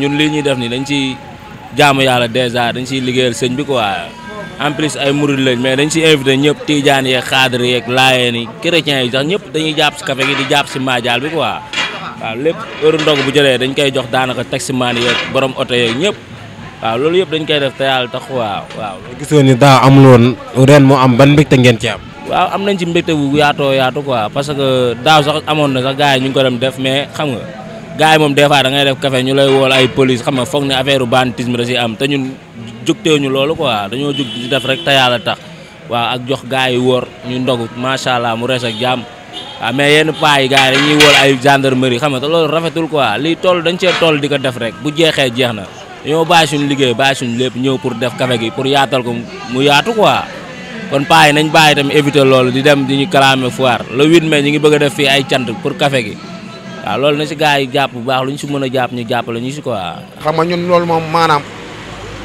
ñun lii ñuy def nii dañ ciy jaamu yàlla dèjà dañ ciy liggéeyal sëñ bi quoi en plus ay murid lañ mais dañ ciy invité ñëpp tiijaan yeeg xaadir yeeg laayeen yi chrétiens yi sax ñëpp dañuy jàpp si café di jàpp si maajaal bi quoi waaw lépp heure ndog bu jëlee dañ koy jox daanaka teg si maan yeeg borom oto yeeg ñëpp waaw loolu yëpp dañ koy def te yàlla tax waaw waaw. gisoo ni daa amul woon ren moo am ban mbégte ngeen ci am. waaw am nañ ci mbégte bu yaatoo yaatu quoi parce que daaw sax amoon na sax gars yi ñu ngi ko dem def mais xam nga. gars yi moom des a da ngay def café ñu lay wool ay police xam nga foog ne affaire banditisme da si am te ñun jógteewuñu loolu quoi dañoo jóg di def rek te yàlla tax waaw ak jox gars yi wóor ñu ndogu macha allah mu rees ak jàmm waaw mais yenn paa yi ñu yi dañuy wool ay gendarmerie xam nga te loolu rafetul quoi lii toll dañ cee toll di ko def rek bu jeexee jeex na dañoo bàyyi suñu liggéey bàyyi suñu lépp ñëw pour def café gi pour yaatal ko mu yaatu quoi kon paa yi nañ bàyyi itam éviter loolu di dem di ñu clamé foire le ñu ngi bëgg def fii ay cant pour café gi waaw loolu na si gars yi jàpp bu baax lu ñu si mën a jàpp ñu jàppale ñu si quoi. xam nga ñun loolu moom maanaam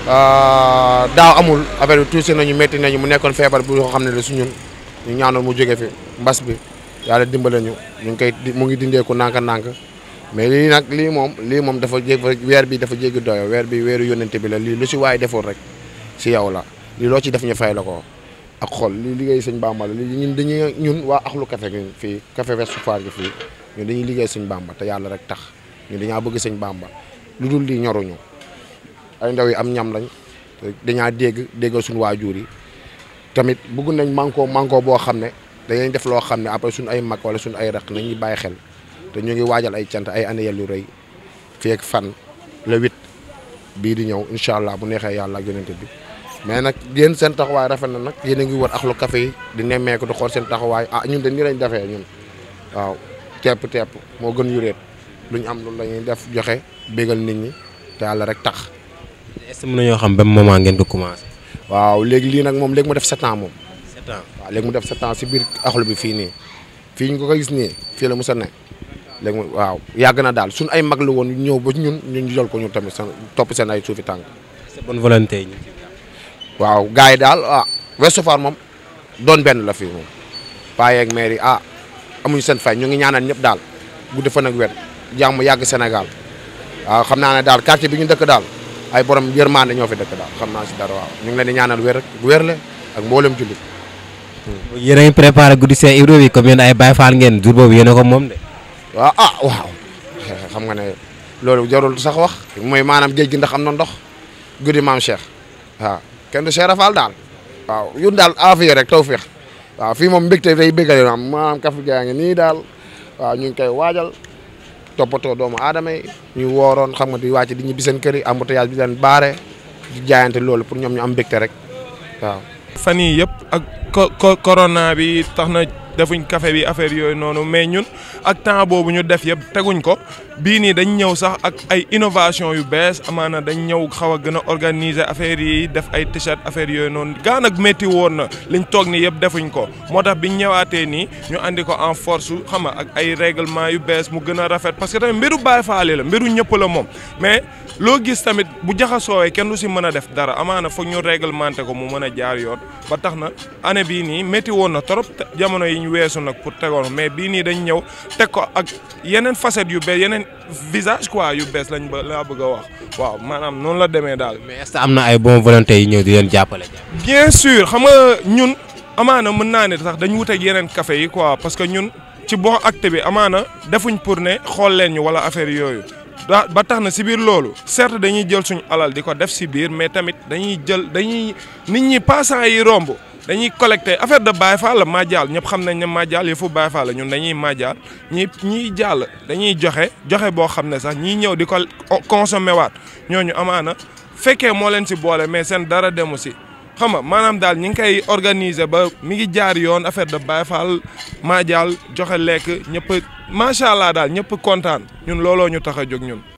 euh, daaw amul affaire bi tuuti nañu métti nañu mu nekkoon feebar bu nga xam ne la su ñun ñu ñaanoon mu jóge fi mbas bi yàlla dimbale ñu ñu ngi koy mu ngi dindee dindeeku nànka nànk mais lii nag lii moom lii moom dafa jé weer bi dafa jege doyo weer bi weeru yónnante bi la lii lu si waaye defoon rek si yow la lii loo ci def ñu fay la ko. ak xol li liggéey sëñ Bamba la li ñun dañuy ñun waa axlu kafe gi fii kafe Ouest Foire gi fii ñun dañuy liggéey sëñ Bamba te yàlla rek tax ñun dañaa bëgg sëñ Bamba lu dul di ñoruñu ay ndaw yi am ñam lañ dañaa dégg déggal suñu waajur yi tamit bëgg nañ manko manko boo xam ne dangay def loo xam ne après suñ ay mag wala suñu ay raq nañuy bàyyi xel te ñu ngi waajal ay cant ay annuel yu rey fii ak fan le huit bii di ñëw incha allah bu neexee yàlla ak yonente bi mais nag yéen seen taxawaay rafet na nag yéen a ngi wër axlu kafe yi di nemmeeku di xool seen taxawaay ah ñun de nii lañ defee ñun waaw tepp tepp moo gën yuréet lu ñu am loolu lañuy def joxe bégal nit ñi te yàlla rek tax. est na ñoo xam ba moment ngeen ko commencé. waaw léegi lii nag moom léegi mu def sept ans moom. sept ans léegi mu def sept ans si biir axlu bi fii nii fii ñu ko gis nii fii la musa ne léegi waaw yàgg na daal suñ ay mag la woon ñëw ba ñun ñu jël ko ñu tamit seen topp seen ay suufi tànk. c'est bonne volonté ñu waaw gars yi daal ah Ouest Foire moom doon benn la fi moom paa yeeg maire yi ah amuñu seen fay ñu ngi ñaanal ñëpp daal gudd fan ak wér jàmm yàgg Sénégal waaw ah, xam naa ne daal quartier bi ñu dëkk daal ay borom yërmande ñoo fi dëkk daal xam naa si dara waaw ñu ngi leen ñaanal wér ak wér la ak mboolem jullit. Hmm. yéen a ngi préparé guddi Cheikh Ibra bi comme yéen ay Baye Fall ngeen jur boobu yéen ko moom de. waaw ah, ah waaw xam nga ne loolu jarul sax wax. mooy maanaam géej gi ndax am na ndox guddi maam kenn du Cheikh Fall daal waaw ñun daal aafiya rek tawfiix waaw fii moom mbégte day bégale maam kaf gaa ngi nii daal waaw ñu ngi koy waajal toppatoo doomu aadama yi ñu wooroon xam nga di wàcc di ñibbi seen kër yi embouteillage bi leen baare di jaayante loolu pour ñoom ñu am mbégte rek waaw. fan yii yëpp ak corona bi tax na. defuñ café bi affaire yooyu noonu mais ñun ak temps boobu ñu def yëpp teguñ ko bii nii dañ ñëw sax ak ay innovation yu bees amaana dañ ñëw xaw a gën a organiser affaire yi def ay t-shirt affaire yooyu noonu gaa nag métti woon na liñ toog nii yëpp defuñ ko moo tax biñ ñëwaatee nii ñu andi ko en force xam nga ak ay règlement yu bees mu gën a rafet parce que tamit mbiru Baay Faal la mbiru ñëpp la moom mais loo gis tamit bu jaxasoowee kenn du si mën a def dara amaana foog ñu réglementé ko mu mën a jaar yoon ba tax na année bii nii jamono yi ñu weesu nag pour tegoon mais bii nii dañ ñëw teg ko ak yeneen facettes yu bees yeneen visage quoi yu bees lañ ba laa bëgg a wax waaw maanaam noonu la demee daal. mais est-ce que am na ay bon volonté yi ñëw di leen jàppale. bien sûr xam nga ñun amaana mën naa ne sax dañu wuteeg yeneen café yi quoi parce que ñun ci bon acte bi amaana defuñ pour ne xool leen ñu wala affaire yooyu. da ba tax na si biir loolu certes dañuy jël suñu alal di ko def si biir mais tamit dañuy jël dañuy collecté affaire de Baye Fall la Madial ñëpp xam nañ ne Madial yëfu Baye Fall la ñun dañuy Madial ñi ñiy jàll dañuy joxe joxe boo xam ne sax ñiy ñëw di ko consommé waat ñooñu amaana fekkee moo leen si boole mais seen dara demu si xam nga maanaam daal ñi ngi koy organiser ba mi ngi jaar yoon affaire de Baye Fall Madial joxe lekk ñëpp macha allah daal ñëpp kontaan ñun looloo ñu tax a jóg ñun.